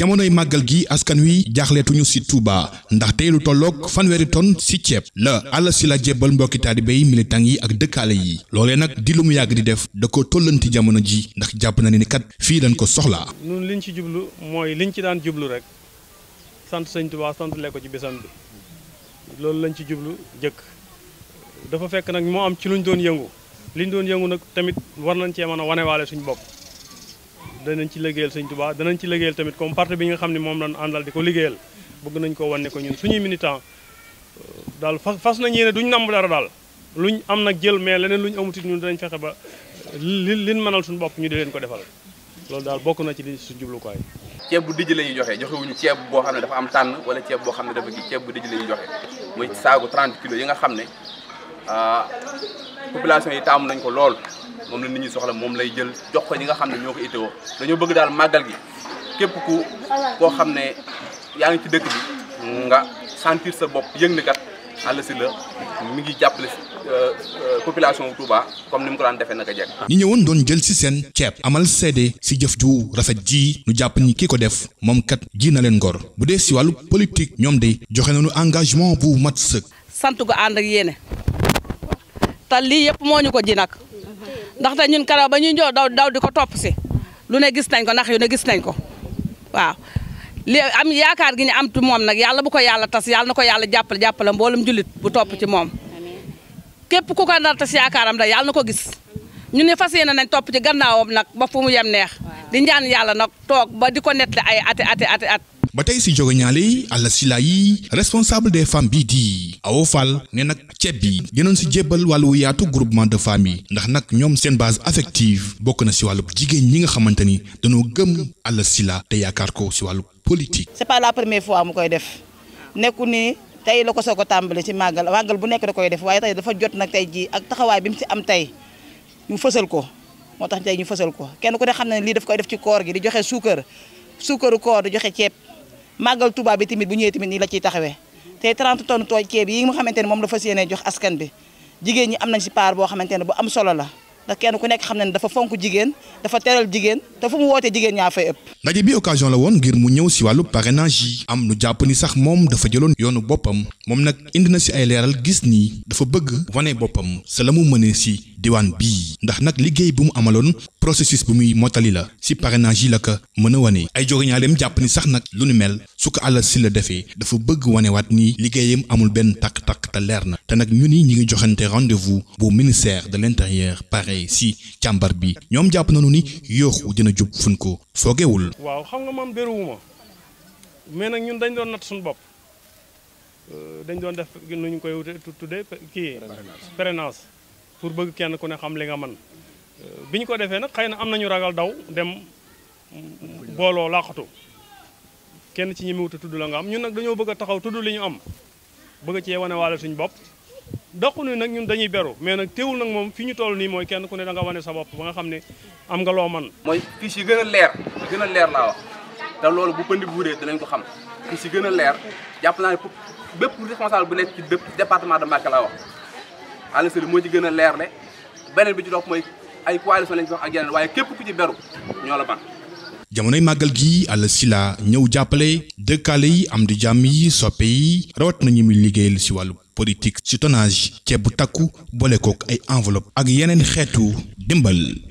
jamonoy màggal gi askan wi jaaxleetuñu si Touba ndax tey lu tolloog fanweeri ton si ceeb la àll si la jébbal mbokki taalibe yi militant yi ak dëkkaale yi loole nag di lu mu yàgg di def da ko tollanti jamono ji ndax jàpp na ni kat fii lañ ko soxlaa. ñun liñ ci jublu mooy liñ ci daan jublu rek sant sëñ Touba sant lee ko ci besan bi loolu lañ ci jublu jëkk dafa fekk nag moo am ci luñ doon yëngu liñ doon yëngu nag tamit war nañ cee mën a wanewaale suñu bopp. danañ ci liggéeyal sëñ Touba danañ ci liggéeyal tamit comme parti bi nga xam ne moom lañ àndal bëgg nañ ko wan ko ñun suñuy militant daal fas fas nañ yéene duñ namb dara daal luñ am nag jël mais leneen luñ amutit ñun danañ fexe ba li liñ mënal suñu bopp ñu di leen ko defal loolu daal bokk na ci li suñu jublukaay. ceeb bu dijj la ñuy joxe joxewuñu ceeb boo xam ne dafa am tànn wala ceeb boo xam ne dafa kii ceeb bu dijj la ñuy joxe muy saagu 30 kilos yi nga xam ne ah, population yi taamu nañ ko lool moom la nit ñi soxla moom lay jël jox ko ñi nga xam ne ñoo ko itteewoo dañoo bëgg daal màggal gi képp ku koo xam ne yaa ngi ci dëkk bi nga sentir sa bopp yëg ni kat Alla Sylla mi ngi jàppale euh, euh, population wu Touba comme ni mu ko daan defee naka jekk. ñi ñëwoon doon jël si seen ceeb amal seede si jëf ju rafet ji nu jàpp ni ki ko def moom kat jii na leen ngor bu dee si wàllu politique ñoom de joxe nañu engagement bu mat së sant ko ànd ak yéene. ta lii yëpp moo ñu ko ji nag ndaxte ñun karaw ba ñuy ñëw daw daw di ko topp si lu ne gis nañ ko nax yu ne gis nañ ko waaw li am yaakaar gi ñu am tu moom nag yàlla bu ko yàlla tas yàlla na ko yàlla jàppale jàppale mboolum jullit bu topp ci moom képp ku ko nar tas yaakaaram da yàlla na ko gis ñu ne fas yéene nañ topp ci gannaawam nag ba fu mu yem neex di ñaan yàlla nag toog ba di ko nettali ay ati ati ati ba tey si jogoñaale yi àlla silla yi responsable des femmes bii di Awo Fall ne nag ceeb bi dinañ si jébbal wàllu yaatu groupement de femmes yi ndax nag ñoom seen base affective bokk na si wàllu jigéen ñi nga xamante ni dañoo gëm àlla sila te yaakaar ko si wàllu politique. c'est pas la première fois mu koy def nekku ni tey la ko soo ko tàmbali ci màggal màggal bu nekk da koy def waaye tey dafa jot nag tey jii ak taxawaay bi mu si am tey ñu fësal ko. moo tax tey ñu fësal ko kenn ku ne xam ne lii daf koy def ci koor gi di joxe suukar suukaru koor di joxe ceeb màggal tubaab bi tamit bu ñëwee tamit nii la ciy taxawee te 30 tonnes tooj ceeb yi nga xamante ne moom la fas yéenee jox askan bi jigéen ñi am nañ si part boo xamante ne bu am solo la ndax kenn ku nekk xam na ne dafa fonk jigéen dafa teral jigéen te fu mu wootee jigéen ñaa fay ëpp. ndaje bi occasion la woon ngir mu ñëw si wàllu parrainage yi am nu jàpp ni sax moom dafa jëloon yoonu boppam. moom nag indi na si ay leeral gis nii dafa bëgg wane boppam sa la mu mënee si diwaan bii ndax nag liggéey bi mu amaloon processus bu muy mottali la si parrainage yi la ko mën a wane ay jógeñaaleem jàpp ni sax nag lu nu mel su ko àll si la defee dafa bëgg wanewaat ni liggéeyam amul benn takk-takk te leer na te nag ñu ni ñu ngi joxante rendez-vous bu ministère de l'intérieur pareil si càmbar bi ñoom jàpp nañu ni yooxu dina jub fun ko foogewul. waaw xam nga man dañ doon natt Euh, dañ doon def nu ñu koy tuddee kii prénance pour bëgg kenn ku ne xam li nga man euh, bi ñu ko defee nag xay na am nañu ragal daw dem booloo laqatu kenn ci ñi mu tudd la nga am ñun nag dañoo bëgg a taxaw tudd li ñu am bëgg cee wane waale suñu bopp doxu ni nag ñun dañuy beru mais nag teewul nag moom fi ñu toll nii mooy kenn ku ne da nga wane sa bopp ba nga xam ne am nga loo man mooy fiche si gën a leer gën a leer laa wax te loolu bu pënd bu wuree dinañ ko xam lu si gën a leer jàpp naa ne bépp responsable bu nekk département de Mbacké laa moo ci gën a leer le bi ci topp ay coalition lañ fi wax ak jamonoy màggal gi Alla Sylla ñëw jàppale dëkkaale yi am di jàmm yi soppe yi rawat nañu muy liggéeyal ci wàllu politique ci tonage ceeb bu takku boole kook ay enveloppe ak yeneen xeetu dimbal